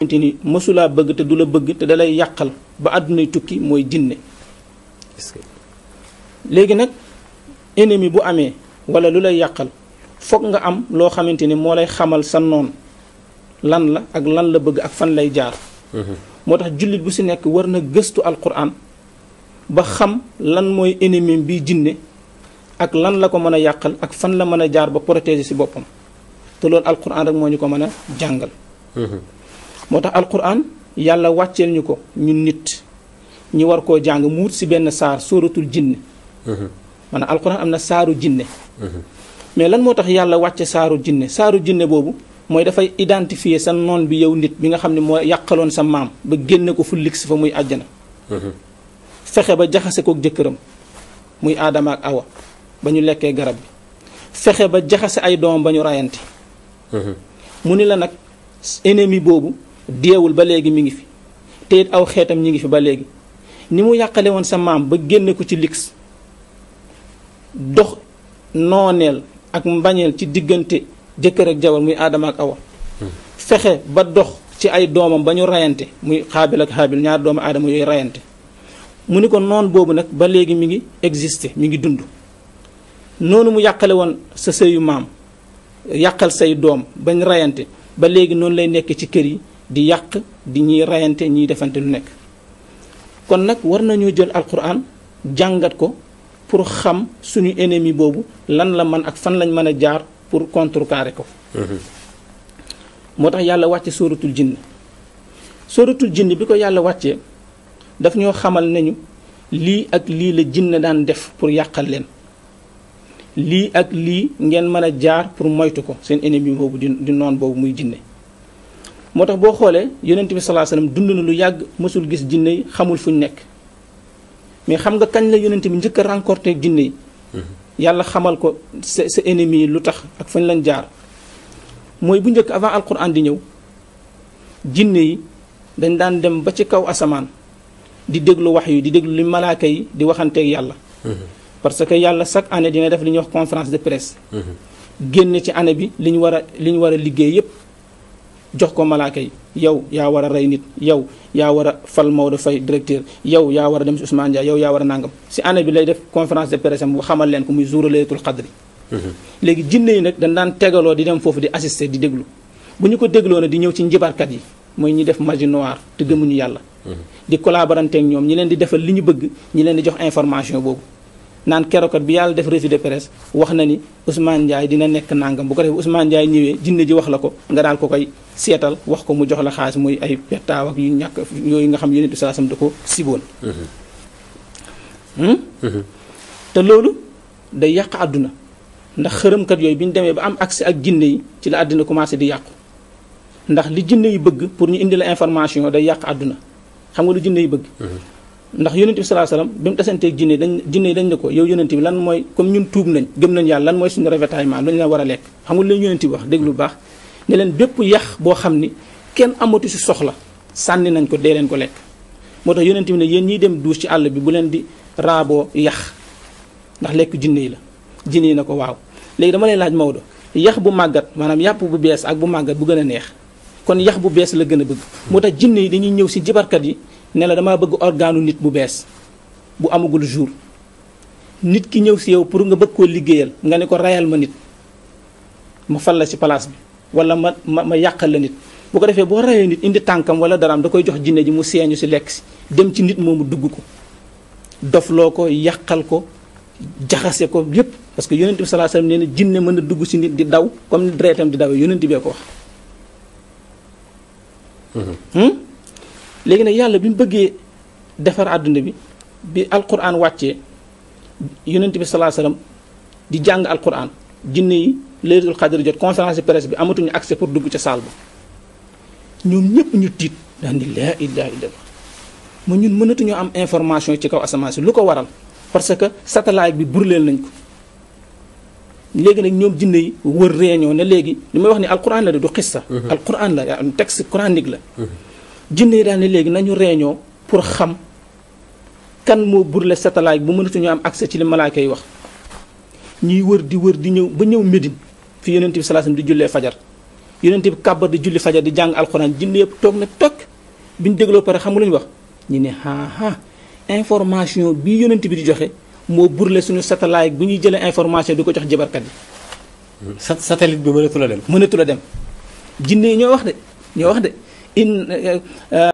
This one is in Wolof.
xamante ni mësulaa bëgg te du la bëgg te dalay yàqal ba àddunay tukki mooy jinne léegi nag ennemi bu amee wala lu lay yàqal foog nga am loo xamante ni moo lay xamal sa noon lan la ak lan la bëgg ak fan lay jaar mhm. moo tax jullit bu si nekk war na gëstu alquran ba xam lan mooy ennemi bi jinne ak lan la ko mën a yàqal ak fan la mën a jaar ba protéger si boppam te loolu alquran rek moo ñu ko mën a jàngal mhm. moo tax alquran yàlla wàcceel ñu ko ñun nit ñi war koo jàng mu wut si benn saar sóoratul jinne mhm. maanaam alquran am na saaru jinne mhm. mais lan moo tax yàlla wàcce saaru jinne saaru jinne boobu mooy dafay identifier sa noon bi yow nit bi nga xam ne moo yàqaloon sa maam ba génne ko fu ligsi fa muy àjjana mhm. fexe ba jaxase kook jëkkëram muy aadama ak awa ba ñu lekkee garab bi fexe ba jaxase ay doom ba ñu rayante mu ni la nag ennemi boobu deewul ba léegi mi ngi fi te aw xeetam ñi ngi fi ba léegi ni mu yàqale woon sa maam ba génne ko ci lix dox nooneel ak mbañeel ci diggante jëkkër ak jabar muy aadama ak awa hmm. fexe ba dox ci ay doomam ba ñu rayante muy xaabil ak xaabil ñaar doomu aadama yooyu rayante mu ni ko noon boobu nag ba léegi mi ngi existé mi ngi dund noonu mu yàqale woon sa sëyu maam yàqal say doom bañ rayante ba léegi noonu lay nekkee ci kër yi di yàq di ñuy reyante ñuy defante lu nekk kon nag war nañoo jël alquran jàngat ko pour xam suñu ennemi boobu lan la man ak fan lañ mën a jaar pour contre contrecarrer ko mm-hmm. moo tax yàlla wàcce sóoratul jinn sóoratul jinn bi ko yàlla wàcce daf ñoo xamal nañu lii ak lii la jinn daan def pour yàqal leen lii ak lii ngeen mën a jaar pour moytu ko seen ennemi boobu di di noon boobu muy jinne moo tax boo xoolee yonent bi salaa salaam dund na lu yàgg mësul gis jinne yi xamul fu ñu nekk mais xam nga kañ la yonent bi njëkk a rencontré jinne yi mm-hmm. yàlla xamal ko sa sa ennemis lu tax ak fañ lañ jaar mooy bu njëkk avant alquran di ñëw jinne yi dañ daan dem ba ci kaw asamaan di déglu wax yu di déglu li malaaka yi di waxanteeg yàlla mm-hmm. parce que yàlla chaque année dina def li ñuy wax conférence de presse mm-hmm. génne ci année bi li ñu war a li ñu war a liggéey yépp jox ko malaaka yi yow yaa war a rey nit yow yaa war a fal Maodo Faye directeur yow yaa war a dem si Ousmane Dia yow yaa war a nàngam si année bi lay def conférence de presse bu xamal leen ko muy jour laylatul xadri mhm. léegi jinne yi nag dañ daan tegaloo di dem foofu di assister di déglu bu ñu ko dégloo na di ñëw ci njibarkat yi mooy ñi def magie noire te gëmuñu yàlla mhm. di collaboranteeg ñoom ñi leen di defal li ñu bëgg ñi leen di jox information boobu naan kerokat bi yàlla def revue de presse wax na ni Ousmane Ndiaye dina nekk nangam bu ko defee Ousmane Ndiaye ñëwee jinne ji wax la ko nga daal ko koy seetal wax ko mu jox la xaalis mooy ay pettaaw ak yu ñàkk yooyu nga xam yonent bi saasam da ko siboon hmm? mhm. te loolu day yàq àdduna ndax xërëmkat yooyu bi ñu demee ba am accès ak jinne yi ci la àddina commencé di yàqu ndax li jinne yi bëgg pour ñu indi la information day yàq àdduna xam nga lu jinne yi bëgg mhm. ndax yonent bi salaa salaam bi mu tasanteeg jinne dañ jinne dañ ne ko yow yonent bi lan mooy comme ñun tuub nañ gëm nañ yàlla lan mooy suñu ravitaillement lu ñu la war a lekk xam nga leen yonent bi wax dégg lu baax ne leen bépp yax boo xam ni kenn amatu si soxla sànni nañ ko dee leen ko lekk moo tax yonent bi ne yéen ñiy dem duus ci àll bi bu leen di raaboo yax ndax lekk jinne yi la jinne yi na ko waaw léegi dama lay laaj Maodo yax bu màggat maanaam yàpp bu bees ak bu màggat bu gën a neex kon yax bu bees la gën a bëgg moo tax jinne yi dañuy ñëw si jibarkat yi ne damaa bëgg organu nit bu bees bu amagul jour nit ki ñëw si yow pour nga bëgg koo liggéeyal nga ne ko rayal ma nit ma fal la ci place bi wala ma ma ma yàqal la nit boo ko defee boo rayee nit indi tànkam wala daraam da koy jox jinne ji mu seeñu si lekk si dem ci nit moomu dugg ko dofloo ko yàqal ko jaxase ko lépp parce que yonent bi salaa salaam nee na jinne mën a dugg si nit di daw comme ni di dawee yonent bee ko wax mm-hmm. hmm? léegi nag yàlla bi mu bëggee defar àdduna bi bi alquran wàcce yonent bi salaa salaam di jàng alquran jinne yi laylatul xadri jot conférence de presse bi amatuñu accès pour dugg ca saal ba ñoom ñëpp ñu tiit daan di laa ilaha illallah ma ñun mënatuñoo am information ci kaw asamaan si lu ko waral parce que satellite bi burleel nañ ko léegi nag ñoom jinne yi wër réunion ne léegi lu may wax ni alquran la de du xissa mm-hmm. alquran la texte coranique la mm-hmm. jinne yi daal ne léegi nañu réunion pour xam kan moo burle satalaay bu mënatuñu am accès ci li malaaka wax ñuy wër di wër di ñëw ba ñëw Médine fi yonent bi salaasam di jullee fajar yonent bi di julli fajar di jàng alxuraan jinne yëpp toog na toog bi ñu dégloo pare xam nga lu wax ñu ne haa information bi yonent bi di joxe moo burle suñu satellite bu ñuy jëlee information di ko jox jabarkat yi. satellite bi mënatu la dem. mënatu la dem jinne yi ñoo wax de ñoo wax de. in eh, eh,